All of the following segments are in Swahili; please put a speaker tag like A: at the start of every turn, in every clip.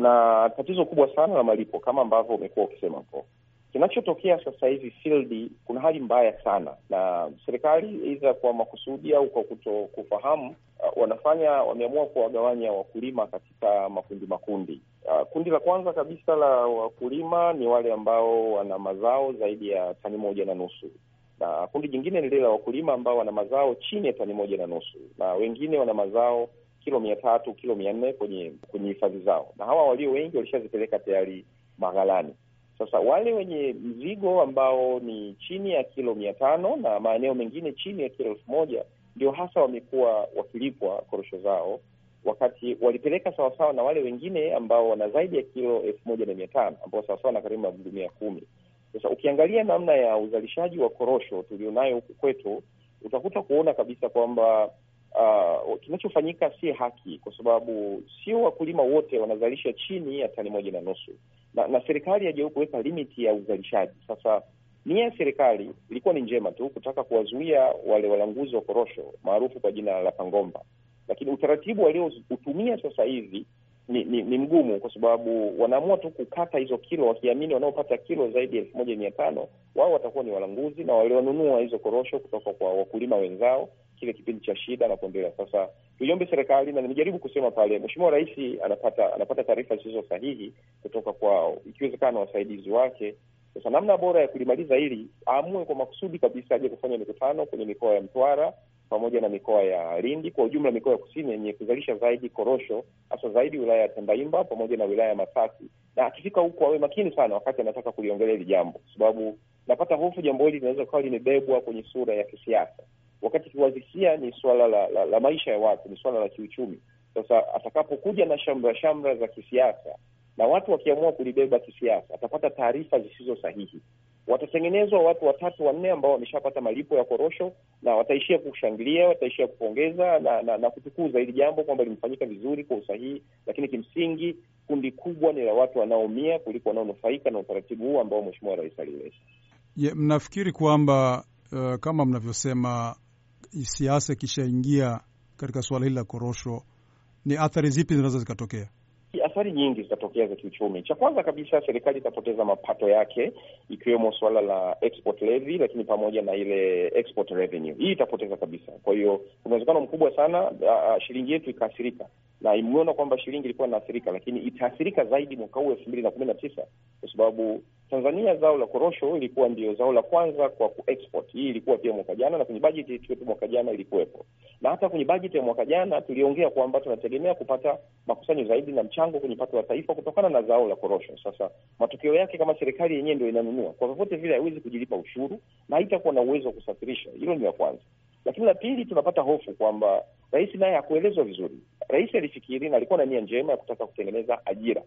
A: kuna tatizo kubwa sana la malipo kama ambavyo umekuwa ukisema po Kinachotokea sasa hivi fildi kuna hali mbaya sana, na serikali eidha kwa makusudi au kwa kuto kufahamu, uh, wanafanya wameamua kuwagawanya wakulima katika makundi makundi. Uh, kundi la kwanza kabisa la wakulima ni wale ambao wana mazao zaidi ya tani moja na nusu na kundi jingine ni lile la wakulima ambao wana mazao chini ya tani moja na nusu na wengine wana mazao kilo mia tatu kilo mia nne kwenye kwenye hifadhi zao, na hawa walio wengi walishazipeleka tayari maghalani. Sasa wale wenye mzigo ambao ni chini ya kilo mia tano na maeneo mengine chini ya kilo elfu moja ndio hasa wamekuwa wakilipwa korosho zao, wakati walipeleka sawasawa na wale wengine ambao wana zaidi ya kilo elfu moja na mia tano ambao sawasawa na karibu asilimia kumi. Sasa ukiangalia namna ya uzalishaji wa korosho tulionayo huku kwetu utakuta kuona kabisa kwamba uh, kinachofanyika si haki, kwa sababu sio wakulima wote wanazalisha chini ya tani moja na nusu, na, na serikali haijawahi kuweka limiti ya uzalishaji. Sasa nia ya serikali ilikuwa ni njema tu kutaka kuwazuia wale walanguzi wa korosho maarufu kwa jina la pangomba, lakini utaratibu walioutumia sasa hivi ni, ni, ni mgumu kwa sababu wanaamua tu kukata hizo kilo wakiamini wanaopata kilo zaidi ya elfu moja mia tano wao watakuwa ni walanguzi na walionunua hizo korosho kutoka kwa wakulima wenzao kile kipindi cha shida na kuendelea. Sasa tuiombe serikali, na nimejaribu kusema pale, Mheshimiwa Rais anapata anapata taarifa zisizo sahihi kutoka kwa, ikiwezekana, wasaidizi wake. Sasa namna bora ya kulimaliza hili, aamue kwa makusudi kabisa, aje kufanya mikutano kwenye mikoa ya Mtwara pamoja na mikoa ya Lindi kwa ujumla, mikoa ya kusini yenye kuzalisha zaidi korosho, hasa zaidi wilaya ya tandaimba pamoja na wilaya ya Masasi. Na akifika huko awe makini sana wakati anataka kuliongelea hili jambo, kwa sababu napata hofu jambo hili linaweza kuwa limebebwa kwenye sura ya kisiasa wakati kiwazikia ni suala la, la, la maisha ya watu, ni suala la kiuchumi. Sasa atakapokuja na shamra shamra za kisiasa na watu wakiamua kulibeba kisiasa, atapata taarifa zisizo sahihi. Watatengenezwa watu watatu wanne ambao wameshapata malipo ya korosho, na wataishia kushangilia, wataishia kupongeza na, na, na kutukuza hili jambo kwamba limefanyika vizuri kwa usahihi, lakini kimsingi kundi kubwa ni la watu wanaoumia kuliko wanaonufaika na utaratibu huu ambao Mheshimiwa Rais alieleza. mnafikiri kwamba uh, kama mnavyosema siasa ikishaingia katika suala hili la korosho, ni athari zipi zinaweza zikatokea? Athari nyingi zitatokea za kiuchumi. Cha kwanza kabisa, serikali itapoteza mapato yake, ikiwemo suala la export levy, lakini pamoja na ile export revenue. Hii itapoteza kabisa. Kwa hiyo kuna uwezekano mkubwa sana uh, shilingi yetu ikaathirika na imeona kwamba shilingi ilikuwa inaathirika, lakini itaathirika zaidi mwaka huu elfu mbili na kumi na tisa kwa sababu Tanzania zao la korosho ilikuwa ndio zao la kwanza kwa kuexport. Hii ilikuwa pia mwaka jana, na kwenye bajeti yetu mwaka jana ilikuwepo, na hata kwenye bajeti ya mwaka jana tuliongea kwamba tunategemea kupata makusanyo zaidi na mchango kwenye pato la taifa kutokana na zao la korosho. Sasa matokeo yake, kama serikali yenyewe ndio inanunua, kwa vyovyote vile haiwezi kujilipa ushuru na haitakuwa na uwezo wa kusafirisha. Hilo ni la kwanza. Lakini la pili, tunapata hofu kwamba rais naye hakuelezwa vizuri. Rais alifikiri na alikuwa na nia njema ya kutaka kutengeneza ajira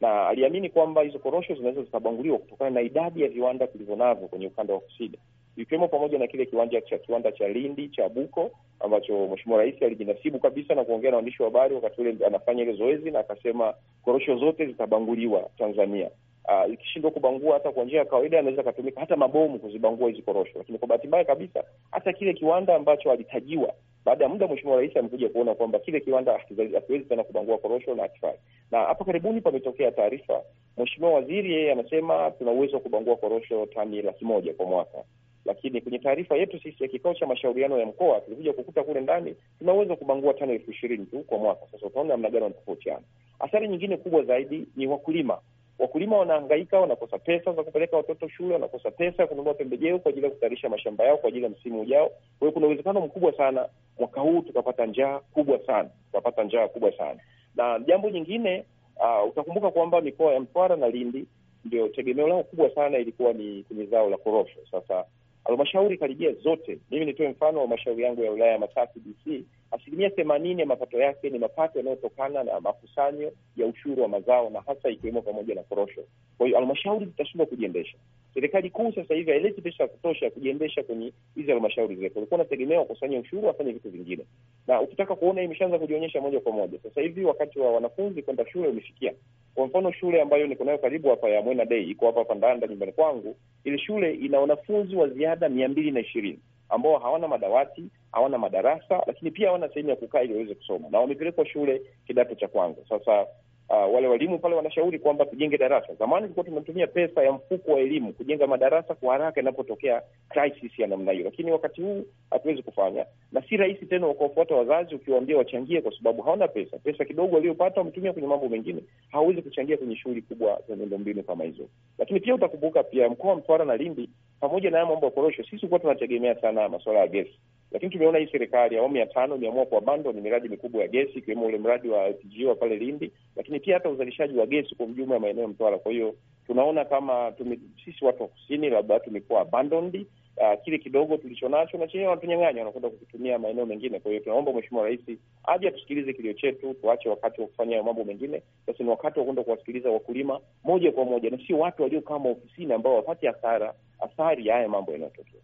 A: na aliamini kwamba hizo korosho zinaweza zikabanguliwa kutokana na idadi ya viwanda navyo kwenye ukanda wa kusini, ikiwemo pamoja na kile kiwanja cha kiwanda cha Lindi cha Buko ambacho mheshimiwa rais alijinasibu kabisa na kuongea na waandishi wa habari wakati ule anafanya ile zoezi, na akasema korosho zote zitabanguliwa Tanzania uh, ikishindwa kubangua hata kwa njia ya kawaida, anaweza akatumika hata mabomu kuzibangua hizi korosho. Lakini kwa bahati mbaya kabisa, hata kile kiwanda ambacho alitajiwa, baada ya muda Mheshimiwa Rais amekuja kuona kwamba kile kiwanda hakiwezi tena kubangua korosho na hakifai. Na hapo karibuni pametokea taarifa, Mheshimiwa Waziri yeye anasema tuna uwezo wa kubangua korosho tani laki moja kwa mwaka lakini kwenye taarifa yetu sisi ya kikao cha mashauriano ya mkoa tulikuja kukuta kule ndani tuna uwezo kubangua tani elfu ishirini tu kwa mwaka. Sasa utaona namna gani wanatofautiana. Athari nyingine kubwa zaidi ni wakulima Wakulima wanahangaika, wanakosa pesa za kupeleka watoto shule, wanakosa pesa ya kununua pembejeo kwa ajili ya kutayarisha mashamba yao kwa ajili ya msimu ujao. Kwa hiyo kuna uwezekano mkubwa sana mwaka huu tukapata njaa kubwa sana, tukapata njaa kubwa sana. Na jambo nyingine uh, utakumbuka kwamba mikoa ya Mtwara na Lindi ndio tegemeo lao kubwa sana ilikuwa ni kwenye zao la korosho. Sasa Halmashauri karibia zote, mimi nitoe mfano wa halmashauri yangu ya wilaya ya Masasi DC, asilimia themanini ya mapato yake ni mapato yanayotokana na makusanyo ya ushuru wa mazao na hasa ikiwemo pamoja na korosho. Kwa hiyo halmashauri zitashindwa kujiendesha. Serikali kuu sasa hivi haileti pesa ya kutosha ya kujiendesha kwenye hizi halmashauri zile. Kulikuwa nategemea wakusanya ushuru wafanye vitu vingine, na ukitaka kuona imeshaanza kujionyesha moja kwa moja sasa hivi. Wakati wa wanafunzi kwenda shule umefikia. Kwa mfano shule ambayo niko nayo karibu hapa ya Mwena Day iko hapa Pandanda Ndanda, nyumbani kwangu ile shule ina wanafunzi wa ziada mia mbili na ishirini ambao hawana madawati, hawana madarasa, lakini pia hawana sehemu ya kukaa ili waweze kusoma, na wamepelekwa shule kidato cha kwanza. Sasa Uh, wale walimu pale wanashauri kwamba tujenge darasa. Zamani tulikuwa tunatumia pesa ya mfuko wa elimu kujenga madarasa kwa haraka inapotokea crisis ya namna hiyo, lakini wakati huu hatuwezi kufanya, na si rahisi tena wakawafuata wazazi ukiwaambia wachangie, kwa sababu hawana pesa. Pesa kidogo waliopata wametumia kwenye mambo mengine, hawawezi kuchangia kwenye shughuli kubwa za miundombinu kama hizo. Lakini pia utakumbuka pia mkoa wa Mtwara na Lindi, pamoja na haya mambo ya korosho, sisi tulikuwa tunategemea sana masuala ya gesi lakini tumeona hii serikali awamu ya tano imeamua ni miradi mikubwa ya gesi ikiwemo ule mradi wa LPG wa pale Lindi, lakini pia hata uzalishaji wa gesi kwa ujumla ya maeneo ya Mtwara. Kwa hiyo tunaona kama tume, sisi watu wa kusini labda tumekuwa abandoned Uh, kile kidogo tulicho nacho na chenye wanatunyang'anya, wanakwenda kukitumia maeneo mengine. Kwa hiyo tunaomba Mheshimiwa Rais aje atusikilize kilio chetu, tuache wakati wa kufanya mambo mengine. Sasa ni wakati wa kwenda kuwasikiliza wakulima moja kwa moja, na sio watu waliokaa maofisini ambao wapate hasara athari ya haya mambo yanayotokea.